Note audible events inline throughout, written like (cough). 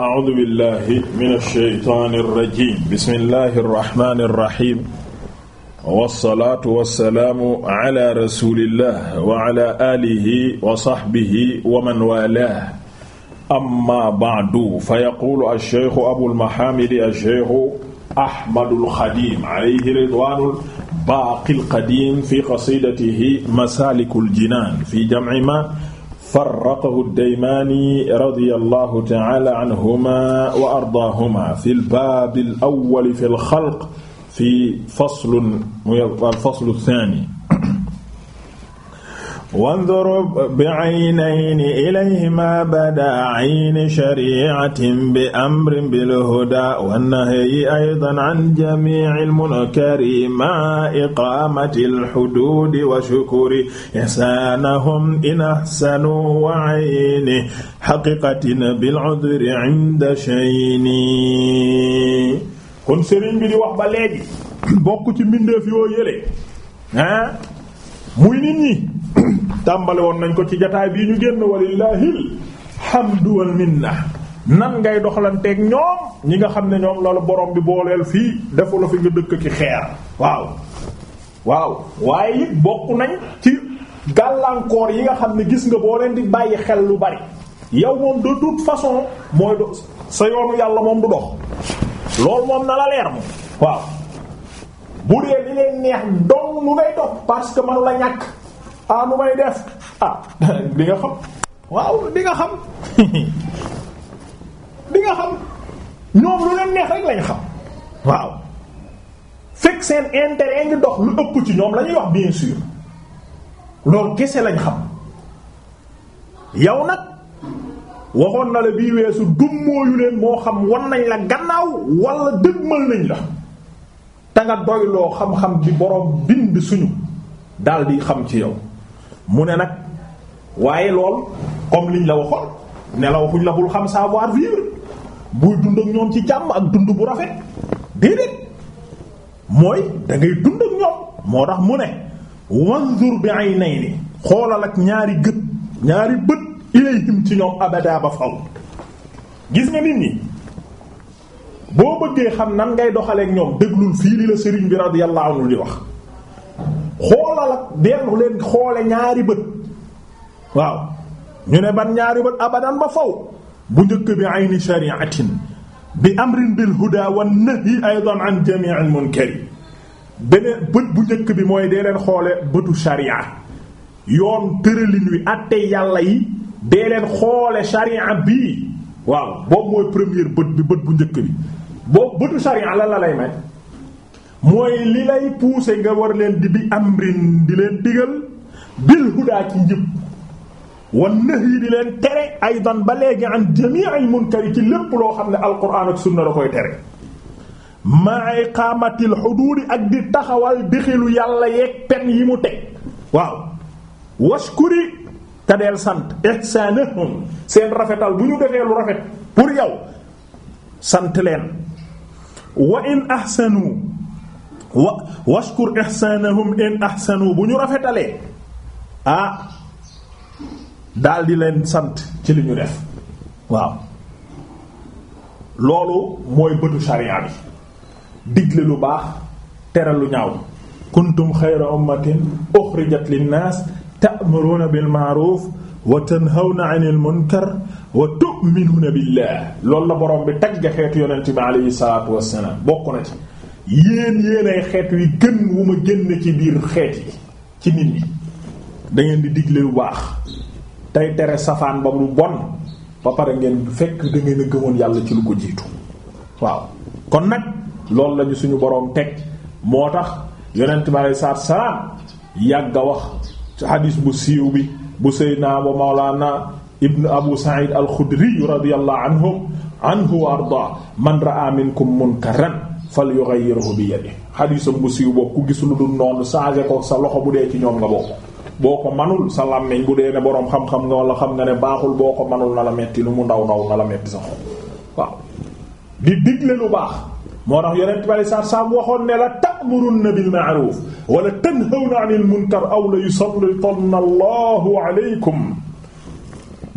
a'uudu billahi mina shaytaani rajiim bismillahi rahmaani rahiim wassalaatu wassalaamu ala rasulillah wa ala aalihi wa sahbihi wa man waalaahu amma ba'du fa yaquulu ash-shaykhu abul mahaamidi ash-shaykhu ahmadul xadiim alayhi ridwaanul baaqil qadiim fi qasiidatihi masaalikul jinaan fi jam'i maa farraqahu daymaani radiyallahu ta'ala anhuma wa ardaahuma fi al-baab al-awwal fi al-xalq fi fasl muy al-fasl ath-thaani wandurub bi aynayni ilayhima bada ayni shari'atin bi amrin bil huda wa nahyi aydan an jami'il munkari ma iqamatil hududi wa shukuri ihsanahum in ahsanu wa ayni haqiqatin bil udri inda shayni kon sëriñ bi di wax ba léegi bokk ci mbindeef yoo yële ah muy nit ñi tàmbali woon nañ ko ci jataay bii ñu génn walillahil hamdu wal minna nan ngay doxalanteeg ñoom ñi nga xam ne ñoom loolu borom bi booleel fii defu fi nga dëkk ci xeer waaw waaw waaye it bokk nañ ci gàllankoor yi nga xam ne gis nga boo leen di bàyyi xel lu bari yow moom de toute façon mooy do sa yoonu yàlla moom du dox loolu moom na la leer moom waaw bu dee leen neex dong lu ngay dox parce que manu la ñàkk ah nu may def ah (laughs) nga xam waaw di nga xam (laughs) di nga xam ñoom lu leen neex rek lañ xam waaw fekk seen intérêt ngi dox lu ëpp ci ñoom lañuy wax bien sûr loolu kese lañ xam yow nag waxoon na la bii weesu dummóoyu leen moo xam wan nañ la gannaaw wala dëgmal nañ la te nga doyloo xam-xam bi boroom bind suñu daldi xam ci yow mu ne nag waaye lool comme liñ la waxoon ne la waxuñ la bul xam savoir vivre buy dund ak ñoom ci jàmm ak dund bu rafet déedéet mooy da dund ak ñoom moo tax mu ne wanzur bi ay nay ni xoolal ak ñaari gët ñaari bët ilayhim ci ñoom abada ba faw gis nga nit ñi boo bëggee xam nan ngay doxaleek ñoom déglul fii li la sëriñ bi radiyallahu li wax xoolal ak dellu leen xoole ñaari bët waaw ñu ne ban ñaari bët abadan ba faw bu njëkk bi ayni shari'atin bi amrin bil huda wan nahyi aydan an jami'il munkari beneen bët bu njëkk bi mooy dee leen xoole bëtu sharia yoon tëralin wi àtte yàlla yi dee leen xoole sharia bii waaw boobu mooy première bët bi bët bu njëkk bi boobu bëtu sharia la la lay may mooy li lay pousser nga war leen di bi amrin di leen digal bil hudaa ci njëb wan nahyi di leen tere aydan ba léegi an jami'il munkari ci lépp loo xam ne alquran ak sunna da koy tere ma iqaamatil xuduudi ak di taxawal dixilu yàlla yeeg pen yi mu teg waaw washkuri te deel sant ihsanahum seen rafetal bu ñu defee lu rafet pour yow sant leen wa in ahsanu wa washkur ihsanahum in ahsanu bu ñu rafetalee ah daal leen sant ci li ñu def waaw loolu mooy bëtu sharia bi digle lu baax tere lu ñaaw kuntum xayra ummatin uxrijat linnaas ta'muruna bil ma'ruf wa tanhawna 'anil munkar wa tu'minuna billah loolu la borom bi tagga xeetu yonent bi alayhi salaatu wassalaam bokk na ci yéen yéenay xeet wi gën wu ma génn ci biir xeet yi ci nit ñi da di digle lu baax tey tere safaan ba mu bon ba pare ngeen fekk da a gëmoon yàlla ci lu ko jiitu waaw kon nag loolu lañu suñu boroom teg moo tax yonent bi alei salaatu salaam yàgg a wax ci xadiis bu siiw bi bu sayyidina wa mawlana ibnu abu sa'id al-xudri radiyallahu anhu anhu wa arda man ra'a minkum munkaran fal yughayyirhu bi yadihi xadiisam bu siiw boobu ku gis lu dul noonu changé ko sa loxo bu dee ci ñoom nga bokk boo ko manul sa làmmiñ bu dee ne boroom xam-xam nga wala xam nga ne baaxul boo ko manul na la metti lu mu ndaw ndaw na la metti sa xol waaw di digle lu baax moo tax yonent bi saa saa mu waxoon ne la ta'muruna bil ma'ruf wala tanhawna 'anil munkar aw la yusallitanna Allahu alaykum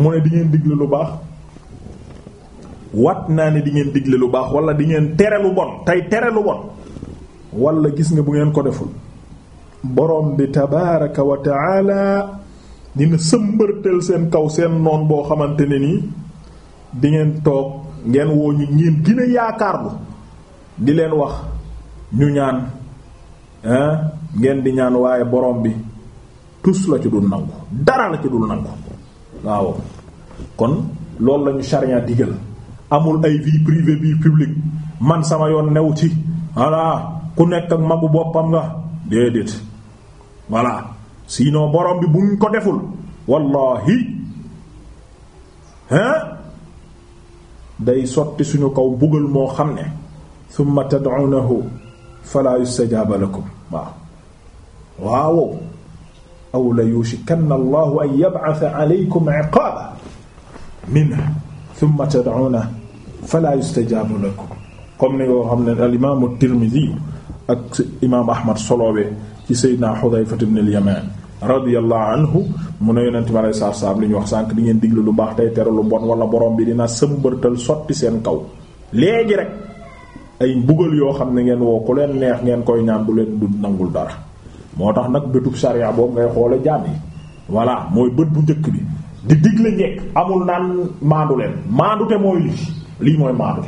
mu ne di ngeen digle lu baax wat naa ne di ngeen digle lu baax wala di ngeen tere lu bon tey tere lu bon wala gis nga bu ngeen ko deful borom bi tabaaraka wa taala dina sëmbërtël seen kaw seen noon boo xamante ne nii dingeen toog ngeen woo ñu ngeen gën a yaakaarlu di leen wax ñu ñaan ngeen di ñaan waaye borom bi tus la ci dul nangu dara la ci dul nangu waaw kon loolu lañu sharia digal amul ay vie privée vie publique man sama yoon new ci voilà ku nekk ak magu boppam nga déedéet voilà sinon borom bi bu buñ ko deful wallahi hein day sotti suñu kaw bugal moo xam ne thumma tad'unahu fala yustajaaba lakum waaw waaw aw la yushikanna allahu an yab'atha alaykum iqaaba minhu thumma tad'unahu fala yustajaabu ko comme ni nga xam ne al imaamu Tirmidi ak imaam Ahmad soloobe ci Seydina Xudayfa ibn al-Yamaan radiyallahu anhu mu ne yonent ma alayhi salaatu salaam lu ñu wax sànq di ngeen digle lu baax tey tere lu bon wala borom bi dina sëmbërtal sotti seen kaw léegi rek ay mbugal yoo xam ne ngeen woo ku leen neex ngeen koy ñaan du leen du nangul dara moo tax nag bëtub sariya boobu ngay xoole jaam yi voilà mooy bët bu njëkk bi di digle njekk amul naan maandu leen maandu te lii mooy maandu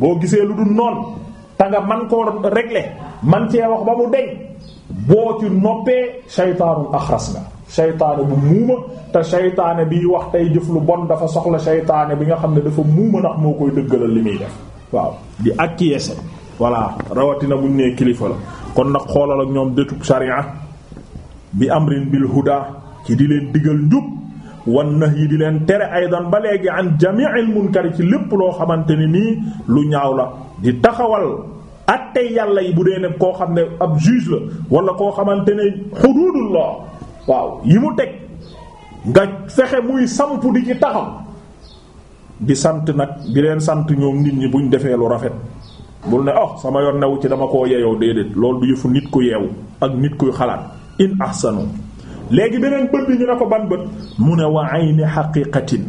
boo gisee lu dul noonu te nga man koo régler man cee wax ba mu deñ boo ci noppee saytaanu axras nga saytaane bu muuma te saytaane biy wax tey jëf lu bon dafa soxla saytaane bi nga xam ne dafa muuma ndax moo koy dëggalal li muy def waaw di acquiescer voilà rawatina buñ nee kilifa la kon nag xoolal ak ñoom dëtub sharia bi amrin bil huda ci di leen digal njub wan na yi di leen tere aydan ba léegi an jami'il munkar ci lépp loo xamante ne nii lu ñaaw la di taxawal attey yàlla yi bu dee ne koo xam ne ab juge la wala koo xamante ne xuduudullah waaw yi mu teg nga fexe muy samp di ci taxaw di sant nag di leen sant ñoom nit ñi buñ defee lu rafet bul ne oh sama yoon new ci dama koo yeeyoo déedéet loolu du yëfu nit ku yeewu ak nit kuy xalaat in ahsanu léegi beneen bët bi ñu ne ko ban bët mu ne wa ayni haqiqatin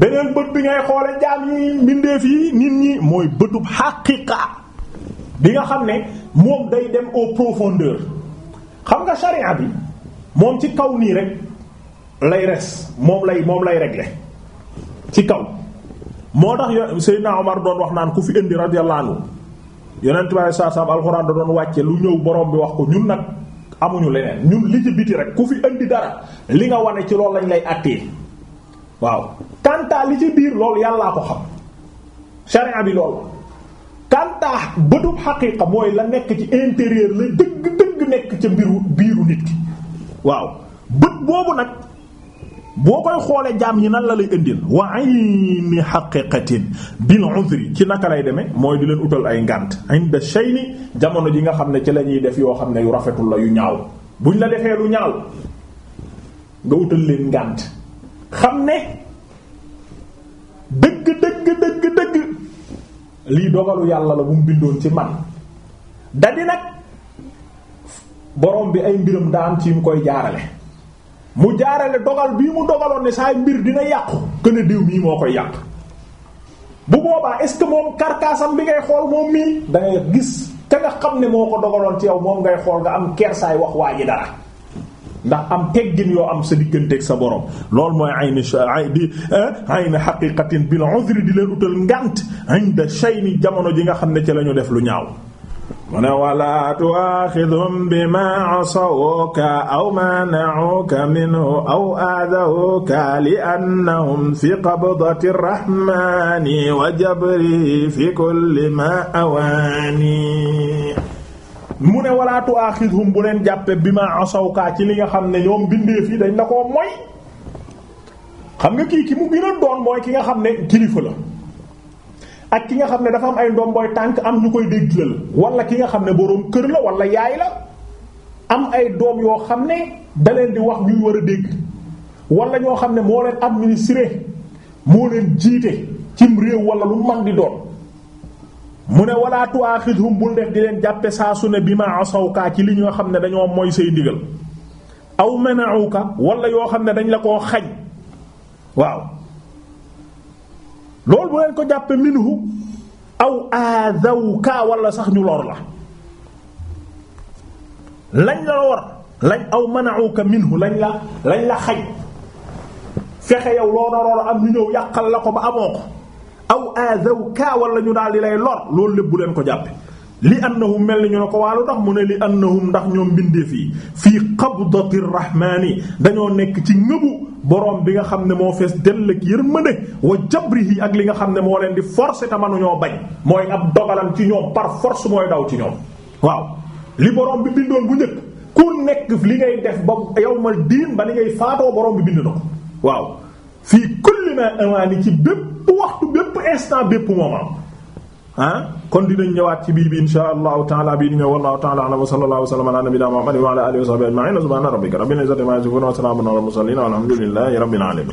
beneen bët bi ngay xoole jaam yi mbindeef yi nit ñi mooy bëtub haqiqa bi nga xam ne moom day dem au profondeur xam nga sharia bi moom ci kaw nii rek lay res moom lay moom lay régler ci kaw moo tax yo Seydina Omar doon wax naan ku fi indi radiyallahu anhu yonent bi sallallahu alayhi wasallam alxuraan da doon wàcce lu ñëw borom bi wax ko ñun nag amuñu leneen ñun li ci biti rek ku fi indi dara li nga wane ci loolu lañ lay àttee waaw kantaa li ci biir lool yàllaa ko xam sharia bi loolu kantaa bëtub xaqiiqa mooy la nekk ci intérieur la dëgg dëgg nekk ca mbiru biiru nit ki waaw bët boobu nag boo koy xoolee jaam yi nag la lay indil wa ayni haqiqatin bil udri ci naka lay demee mooy di leen utal ay ngant inda shayni jamono ji nga xam ne ci lañuy def yoo xam ne yu rafetul la yu ñaaw buñ la defee lu ñaaw nga utal leen ngant xam ne dëgg dëgg dëgg dëgg lii dogalu yàlla la bu mu bindoon ci man dadi nag borom bi ay mbiram daa am ci mu koy jaarale mu jaarale dogal bii mu dogaloon ne saay mbir dina yàqu kën a déw mii moo koy yàq bu boobaa est ce que moom karkaasam bi ngay xool moom mii da ngay gis ka nga xam ne moo ko dogaloon ci yow moom ngay xool nga am kersaay wax waa ji dara ndax am teggin yoo am sa digganteeg sa borom loolu mooy ayni di eh, ayni haqiqatin bil uzri di leen utal ngant inda shayni jamono ji nga xam ne ci la ñu def lu ñaaw mu ne wala tu'aaxidhum bimaa asawuka aw mana'uka minhu aw aadawuka li'annahum fi qabdati rahmaani wa jabrihi fi kulli ma awaani mu ne wala tu'aaxidhum bu leen jàppe bimaa asawuka ci li nga xam ne ñoom bindeef yi dañ la ko moy xam nga kii ki mu gën doon mooy ki nga xam ne kilifa la ak ki nga xam ne dafa am ay ndomboy tànk am ñu koy dégglal wala ki nga xam ne boroom kër la wala yaay la am ay doom yoo xam ne daleen di wax ñuy war a dégg wala ñoo xam ne moo leen administré moo leen jiite cim réew wala lu man di doon mu ne wala tu'akhidhum bul def di leen jàppe saa sune ne bi ma asawkaa ci li ñoo xam ne dañoo mooy say ndigal aw mana'uka walla yoo xam ne dañ la koo xañ waaw loolu bu leen ko jàppee minhu aw aadawka wala sax ñu lor la lañ la war lañ aw mana'uka minhu lañ la lañ la xaj fexe yow loo naroon am ñu ñëw yàqal la ko ba amoo ko aw aadawka wala ñu daal di lay lor loolu lépp bu leen ko jàppe li annahum mel ni ñu ne ko waalu tax mu ne li annahum ndax ñoom mbindeef fii fii qabdati rahmaani dañoo nekk ci ngëbu borom bi nga xam ne moo fees dell ak yërmande wa jabrihi ak li nga xam ne moo leen di forcer te ñoo bañ mooy ab dogalam ci ñoom par force mooy daw ci ñoom waaw li borom bi bindoon bu njëkk ku nekk li ngay def ba yawmal diin ba li ngay faatoo borom bi bind na ko waaw fii kulli ma amaani ci bépp waxtu bépp instant bépp moment ah kon dinañ ñëwaat ci bii bi insha taala bii di ñëw wallahu taala alam wa sallallahu alayhi wa sallam ala nabiyina muhammadin wa ala alihi wa sahbihi ajma'in subhana rabbika rabbil izzati amma yasifun wa salamun ala al mursalin walhamdulillahi